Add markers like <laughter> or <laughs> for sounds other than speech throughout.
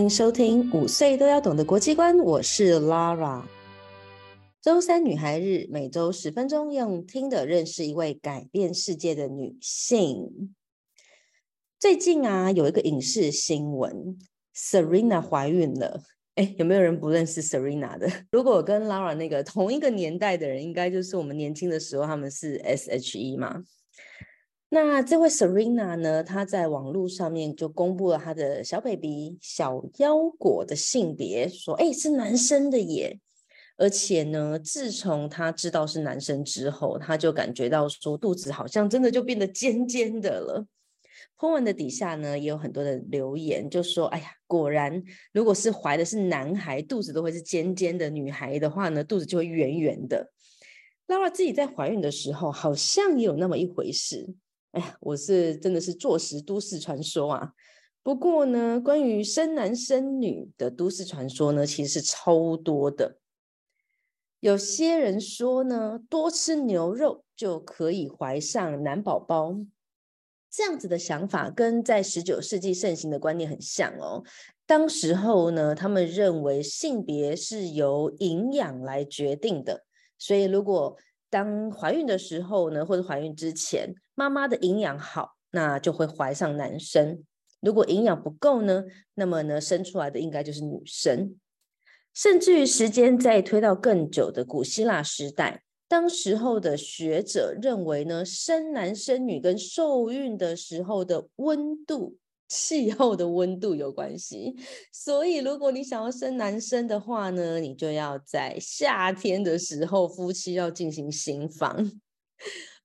歡迎收聽《五歲都要懂的國際觀》，我是 Lara。周三女孩日，每周十分鐘，用聽的認識一位改變世界的女性。最近啊，有一個影視新聞，Selina 懷孕了。哎，有沒有人不認識 Selina 的？如果我跟 Lara 那個同一個年代的人，應該就是我們年輕的時候，他們是 SHE 嘛？那這位 Selina 呢？她在網路上面就公布了她的小 baby 小腰果的性別，說：哎、欸，是男生的耶！而且呢，自從她知道是男生之後，她就感覺到說肚子好像真的就變得尖尖的了。PO 文的底下呢，也有很多的留言，就說：哎呀，果然，如果是懷的是男孩，肚子都會是尖尖的；女孩的話呢，肚子就會圓圓的。Lara 自己在懷孕的時候，好像也有那麼一回事。呀，我是真的是坐實都市傳說啊！不過呢，關於生男生女的都市傳說呢，其實是超多的。有些人說呢，多吃牛肉就可以懷上男寶寶，這樣子的想法跟在十九世紀盛行的觀念很像哦。當時候呢，他們認為性別是由營養來決定的，所以如果當懷孕的時候呢，或者懷孕之前，媽媽的營養好，那就會懷上男生；如果營養不夠呢，那麼呢，生出來的應該就是女生。甚至於時間再推到更久的古希臘時代，當時候的學者認為呢，生男生女跟受孕的時候的溫度。氣候的溫度有關係，所以如果你想要生男生的話呢，你就要在夏天的時候夫妻要進行行房。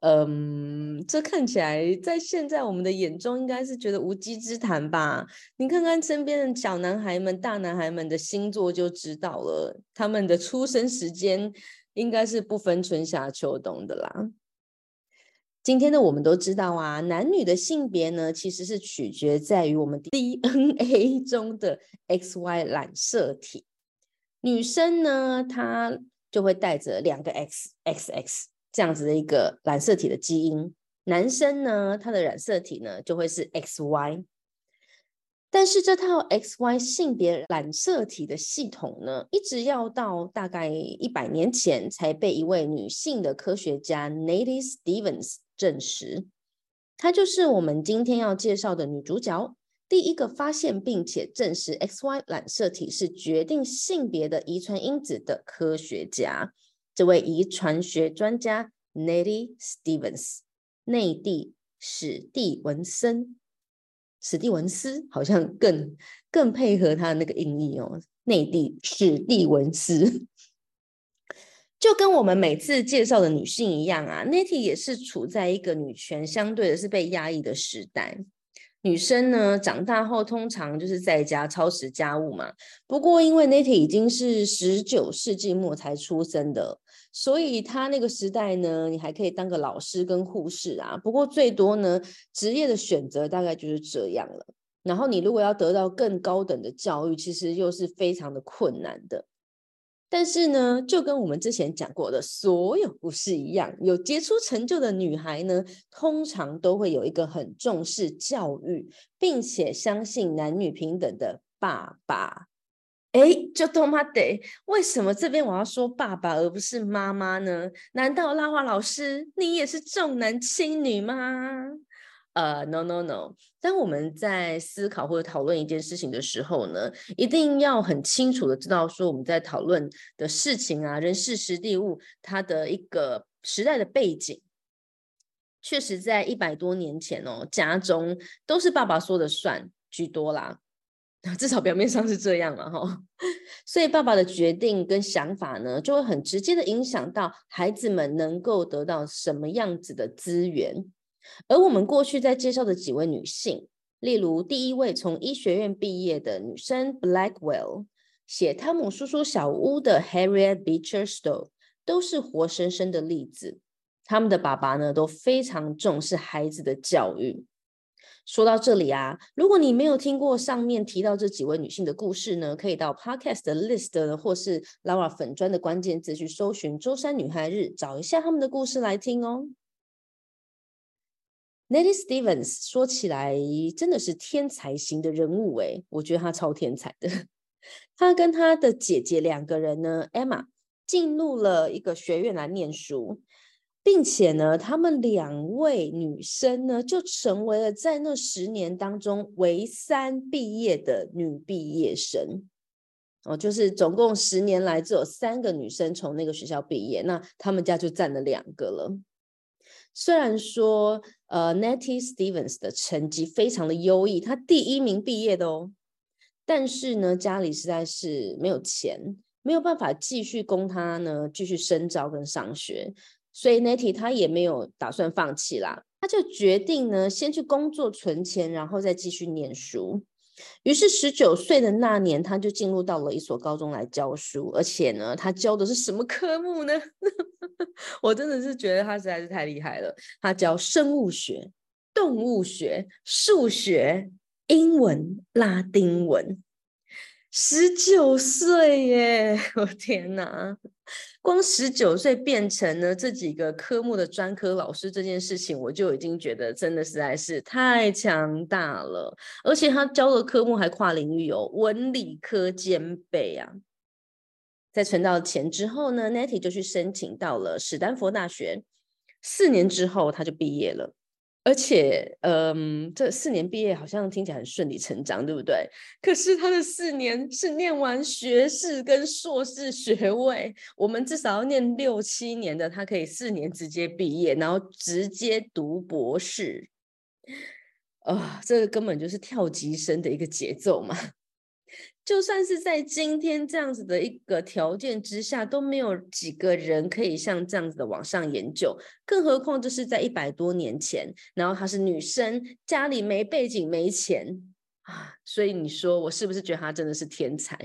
嗯，這看起來在現在我們的眼中應該是覺得無稽之談吧？你看看身邊的小男孩們、大男孩們的星座就知道了，他們的出生時間應該是不分春夏秋冬的啦。今天呢，我們都知道啊，男女的性別呢，其實是取決在於我們 DNA 中的 XY 染色體。女生呢，她就會帶着兩個 XXX 這樣子的一個染色體的基因。男生呢，他的染色體呢，就會是 XY。但是這套 XY 性別染色體的系統呢，一直要到大概一百年前，才被一位女性的科學家 Nettie Stevens 證實，她就是我們今天要介紹的女主角，第一個發現並且證實 X、Y 染色體是決定性別的遺傳因子的科學家。這位遺傳學專家 Nettie Stevens，內蒂史蒂文森，史蒂文斯好像更更配合他的那個音譯哦，內蒂史蒂文斯。就跟我們每次介紹的女性一樣啊，Nettie 也是處在一個女權相對的是被壓抑的時代。女生呢，長大後通常就是在家操持家務嘛。不過因為 Nettie 已經是十九世紀末才出生的，所以她那個時代呢，你還可以當個老師跟護士啊。不過最多呢，職業的選擇大概就是這樣了。然後你如果要得到更高等的教育，其實又是非常的困難的。但是呢，就跟我們之前講過的所有故事一樣，有傑出成就的女孩呢，通常都會有一個很重視教育，並且相信男女平等的爸爸。哎、欸，就他媽的！為什麼這邊我要說爸爸而不是媽媽呢？難道拉花老師你也是重男輕女嗎？呃、uh,，no no no！當我們在思考或者討論一件事情的時候呢，一定要很清楚的知道說我們在討論的事情啊，人事、時地、物，它的一個時代的背景。確實，在一百多年前哦，家中都是爸爸說的算居多啦，至少表面上是這樣了、啊、哈、哦。所以，爸爸的決定跟想法呢，就會很直接的影響到孩子們能夠得到什麼樣子的資源。而我們過去在介紹的幾位女性，例如第一位從醫學院畢業的女生 Blackwell，寫《湯姆叔叔小屋》的 Harriet Beecher Stowe，都是活生生的例子。他們的爸爸呢，都非常重視孩子的教育。說到這裡啊，如果你沒有聽過上面提到這幾位女性的故事呢，可以到 Podcast 的 List 或是 Laura 粉專的關鍵字去搜尋“周三女孩日”，找一下他們的故事來聽哦。Nettie Stevens 說起來真的是天才型的人物誒，我覺得她超天才的。她跟她的姐姐兩個人呢，Emma 進入了一個學院來念書，並且呢，她們兩位女生呢就成為了在那十年當中唯三畢業的女畢業生。哦，就是總共十年來只有三個女生從那個學校畢業，那她們家就佔了兩個了。雖然說，呃，Nettie Stevens 的成績非常的優異，他第一名畢業的哦。但是呢，家裡實在是沒有錢，沒有辦法繼續供他呢繼續深造跟上學，所以 Nettie 他也沒有打算放棄啦，他就決定呢先去工作存錢，然後再繼續念書。於是十九歲的那年，他就進入到了一所高中來教書，而且呢，他教的是什麼科目呢？ <laughs> 我真的是覺得他實在是太厲害了。他教生物學、動物學、數學、英文、拉丁文。十九歲耶！我天哪，光十九歲變成了這幾個科目的專科老師這件事情，我就已經覺得真的實在是太強大了。而且他教的科目還跨領域哦，文理科兼備啊。在存到錢之後呢，Nettie 就去申請到了史丹佛大學，四年之後他就畢業了。而且，嗯，這四年畢業好像聽起來很順理成章，對不對？可是他的四年是念完學士跟碩士學位，我們至少要念六七年的，他可以四年直接畢業，然後直接讀博士。啊、呃，這個根本就是跳級生的一個節奏嘛。就算是在今天這樣子的一個條件之下，都沒有幾個人可以像這樣子的往上研究，更何況就是在一百多年前，然後她是女生，家裡沒背景、沒錢啊，所以你說我是不是覺得她真的是天才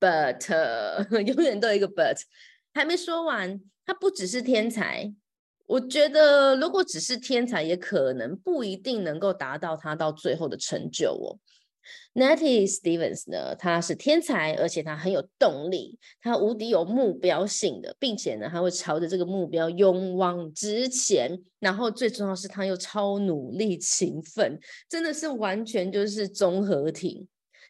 ？But，啊，永遠都一個 But，還沒說完，她不只是天才，我覺得如果只是天才，也可能不一定能夠達到她到最後的成就哦。Nettie Stevens 呢，他是天才，而且他很有動力，他無敵有目標性的，並且呢，他會朝着這個目標勇往直前。然後最重要是，他又超努力、勤奮，真的是完全就是綜合體。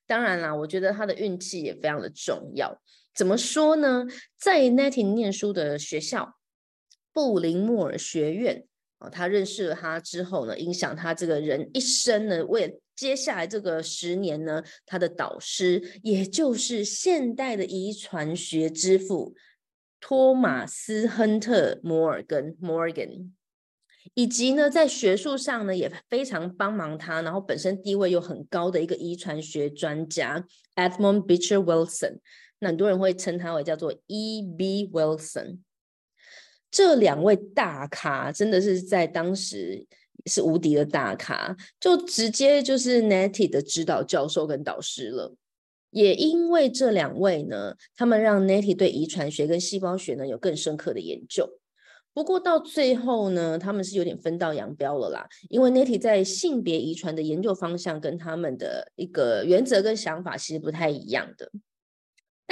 當然啦，我覺得他的運氣也非常的重要。怎麼說呢？在 Nettie 念書的學校——布林莫爾學院。哦，他認識了他之後呢，影響他這個人一生的，為了接下來這個十年呢，他的導師，也就是現代的遺傳學之父托馬斯·亨特·摩爾根 （Morgan），以及呢，在學術上呢也非常幫忙他，然後本身地位又很高的一個遺傳學專家 Edmund Beecher Wilson，那很多人會稱他為叫做 E.B. Wilson。這兩位大咖真的是在當時是無敵的大咖，就直接就是 Nettie 的指導教授跟導師了。也因為這兩位呢，他們讓 Nettie 對遺傳學跟細胞學呢有更深刻的研究。不過到最後呢，他們是有點分道揚鑣了啦，因為 Nettie 在性別遺傳的研究方向跟他們的一個原則跟想法其實不太一樣的。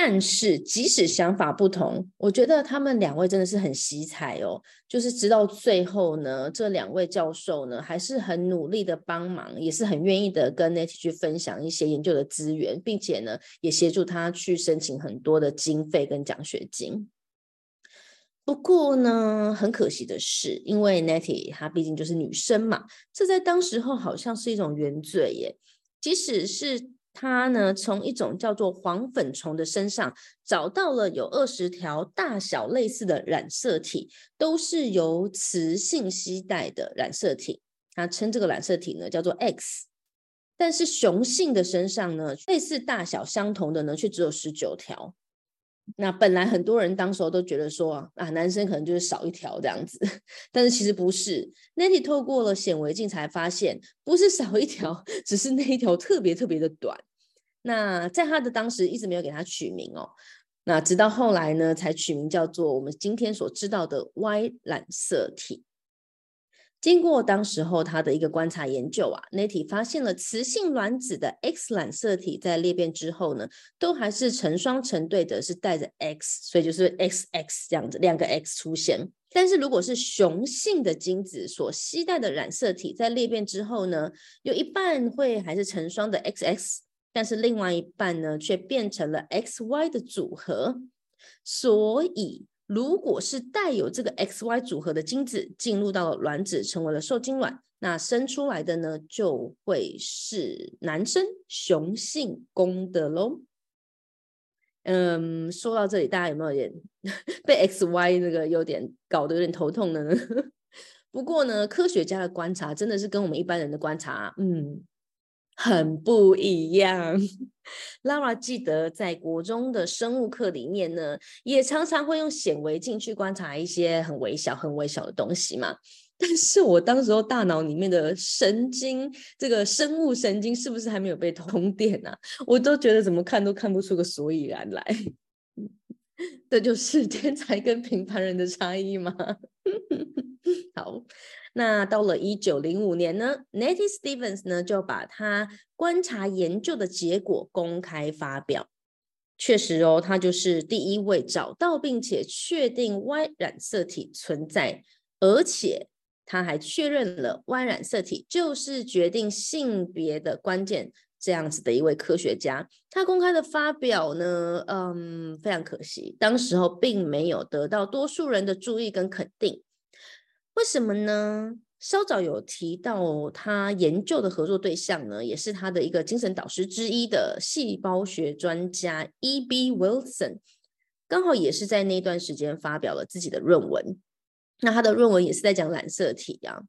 但是，即使想法不同，我覺得他們兩位真的是很惜才哦。就是直到最後呢，這兩位教授呢還是很努力的幫忙，也是很願意的跟 Nettie 去分享一些研究的資源，並且呢也協助他去申請很多的經費跟獎學金。不過呢，很可惜的是，因為 Nettie 她畢竟就是女生嘛，這在當時候好像是一種原罪耶。即使是。他呢，從一種叫做黃粉蟲的身上找到了有二十條大小類似的染色體，都是由雌性攜帶的染色體。他稱這個染色體呢叫做 X。但是雄性的身上呢，類似大小相同的呢卻只有十九條。那本來很多人當時候都覺得說啊，男生可能就是少一條這樣子，但是其實不是。Nettie 透過了顯微鏡才發現，不是少一條，只是那一條特別特別的短。那在他的當時一直沒有給他取名哦，那直到後來呢才取名叫做我們今天所知道的 Y 染色體。經過當時候他的一個觀察研究啊 Nettie 發現了雌性卵子的 X 染色體在裂變之後呢，都還是成雙成對的，是帶着 X，所以就是 XX 這樣子兩個 X 出現。但是如果是雄性的精子所攜帶的染色體在裂變之後呢，有一半會還是成雙的 XX。但是另外一半呢，卻變成了 X、Y 的組合。所以，如果是帶有這個 X、Y 組合的精子進入到了卵子，成為了受精卵，那生出來的呢，就會是男生，雄性公的咯。嗯，說到這裡，大家有沒有，有點被 X、Y 那個有點搞得有點頭痛呢？不過呢，科學家的觀察真的是跟我們一般人的觀察，嗯。很不一樣，Lara 記得在國中的生物課裡面呢，也常常會用顯微鏡去觀察一些很微小、很微小的東西嘛。但是我當時候大腦裡面的神經，這個生物神經是不是還沒有被通電啊？我都覺得怎麼看都看不出個所以然來。這 <laughs> 就是天才跟平凡人的差異嗎？ <laughs> 好。那到了一九零五年呢，Nettie Stevens 呢就把他觀察研究的結果公開發表。確實哦，他就是第一位找到並且確定 Y 染色體存在，而且他還確認了 Y 染色體就是決定性別的關鍵。這樣子的一位科學家，他公開的發表呢，嗯，非常可惜，當時候並沒有得到多數人的注意跟肯定。為什麼呢？稍早有提到，他研究的合作對象呢，也是他的一個精神導師之一的細胞學專家 E.B. Wilson，剛好也是在那段時間發表了自己的論文。那他的論文也是在講染色體啊，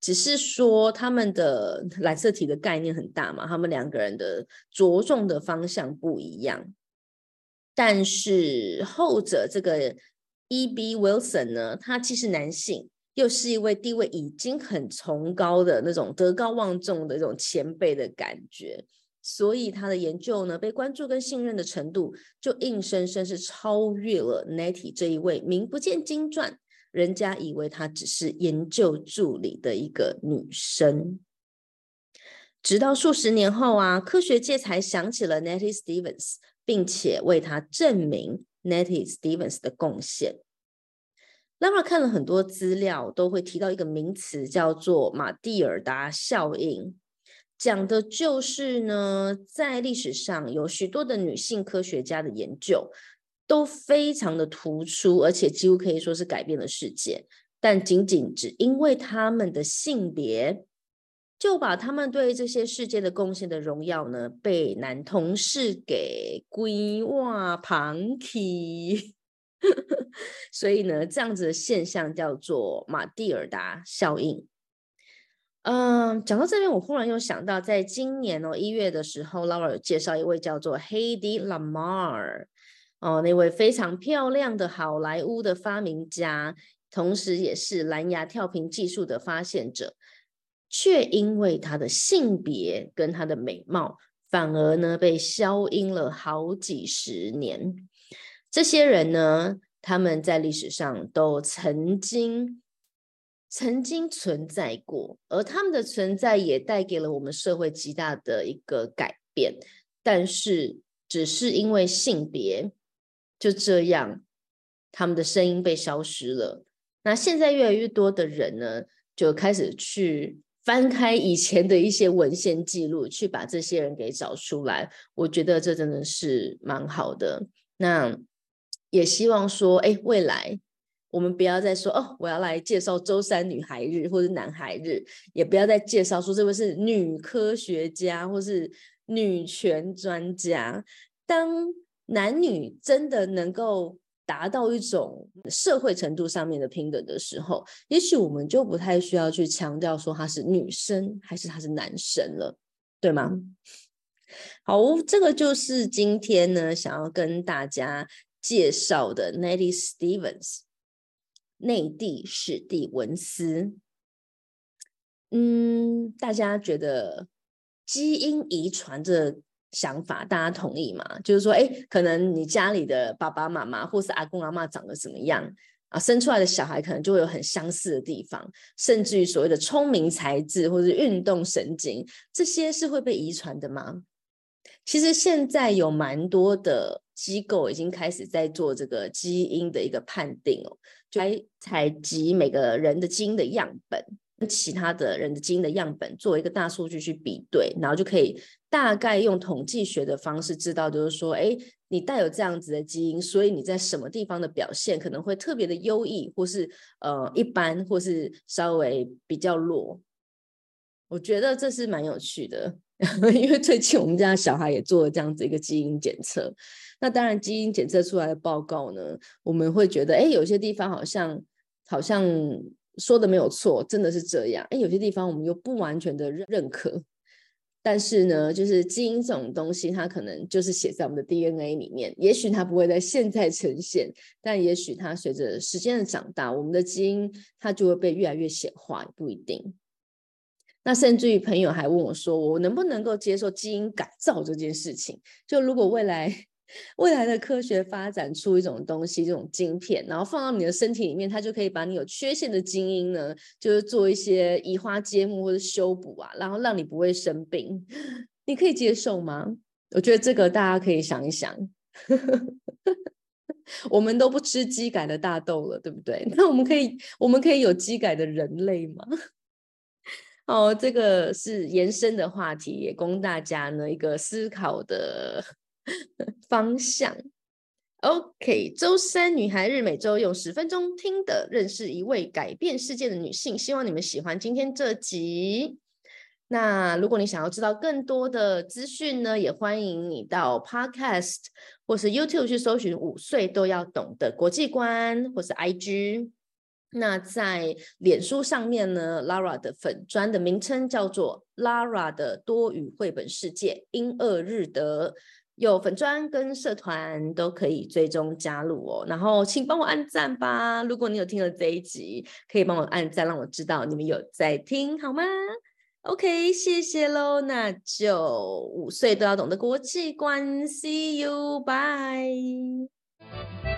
只是說他們的染色體的概念很大嘛，他們兩個人的着重的方向不一樣。但是後者這個 E.B. Wilson 呢，他既是男性。又是一位地位已經很崇高的那種德高望重的那種前輩的感覺，所以他的研究呢被關注跟信任的程度，就硬生生是超越了 Nettie 這一位名不見經傳，人家以為她只是研究助理的一個女生。直到數十年後啊，科學界才想起了 Nettie Stevens，並且為她正名 Nettie Stevens 的貢獻。那麼看了很多資料，都會提到一個名詞，叫做馬蒂爾達效應，講的就是呢，在歷史上有許多的女性科學家的研究都非常的突出，而且幾乎可以說是改變了世界，但僅僅只因為他們的性別，就把他們對這些世界的貢獻的榮耀呢，被男同事給整碗捧去。 <laughs> 所以呢，這樣子的現象叫做馬蒂爾達效應。嗯，講到這邊，我忽然又想到，在今年哦一月的時候，Lara 有介紹一位叫做 Hedy Lamarr 哦，那位非常漂亮的好萊塢的發明家，同時也是藍牙跳頻技術的發現者，卻因為她的性別跟她的美貌，反而呢被消音了好幾十年。這些人呢，他們在歷史上都曾經、曾經存在過，而他們的存在也帶給了我們社會極大的一個改變。但是，只是因為性別，就這樣，他們的聲音被消失了。那現在越來越多的人呢，就開始去翻開以前的一些文獻記錄，去把這些人給找出來。我覺得這真的是蠻好的。那。也希望說，哎，未來我們不要再說哦，我要來介紹週三女孩日或者男孩日，也不要再介紹說這位是女科學家或是女權專家。當男女真的能夠達到一種社會程度上面的平等的時候，也許我們就不太需要去強調說她是女生還是她是男生了，對嗎？好，這個就是今天呢，想要跟大家。介紹的 Nettie Stevens，內蒂史蒂文斯。嗯，大家覺得基因遺傳這個想法，大家同意嗎？就是說，哎，可能你家裡的爸爸媽媽或是阿公阿嬤長得怎麼樣啊，生出來的小孩可能就會有很相似的地方，甚至於所謂的聰明才智或是運動神經，這些是會被遺傳的嗎？其實現在有蠻多的機構已經開始在做這個基因的一個判定哦，就來採集每個人的基因的樣本，跟其他的人的基因的樣本做一個大數據去比對，然後就可以大概用統計學的方式知道，就是說，哎，你帶有這樣子的基因，所以你在什麼地方的表現可能會特別的優異，或是呃一般，或是稍微比較弱。我覺得這是蠻有趣的。 <laughs> 因為最近我們家小孩也做了這樣子一個基因檢測，那當然基因檢測出來的報告呢，我們會覺得，哎，有些地方好像好像說的沒有錯，真的是這樣。哎，有些地方我們又不完全的認認可。但是呢，就是基因這種東西，它可能就是寫在我們的 DNA 裡面，也許它不會在現在呈現，但也許它隨着時間的長大，我們的基因它就會被越來越顯化，不一定。那甚至於朋友還問我說：“我能不能夠接受基因改造這件事情？就如果未來未來的科學發展出一種東西，這種晶片，然後放到你的身體裡面，它就可以把你有缺陷的基因呢，就是做一些移花接木或者修補啊，然後讓你不會生病，你可以接受嗎？我覺得這個大家可以想一想。 <laughs> 我們都不吃基改的大豆了，對不對？那我們可以我們可以有基改的人類嗎？”哦，這個是延伸的話題，也供大家呢一個思考的 <laughs> 方向。OK，週三女孩日每周用十分鐘聽的，認識一位改變世界的女性。希望你們喜歡今天這集。那如果你想要知道更多的資訊呢，也歡迎你到 Podcast 或是 YouTube 去搜尋《五歲都要懂的國際觀》或是 IG。那在臉書上面呢，Lara 的粉專的名稱叫做 Lara 的多語繪本世界，英、俄、日、德，有粉專跟社團都可以追蹤加入哦。然後請幫我按讚吧，如果你有聽了這一集，可以幫我按讚，讓我知道你們有在聽好嗎？OK，謝謝嘍。那就五歲都要懂的國際觀，See you, bye。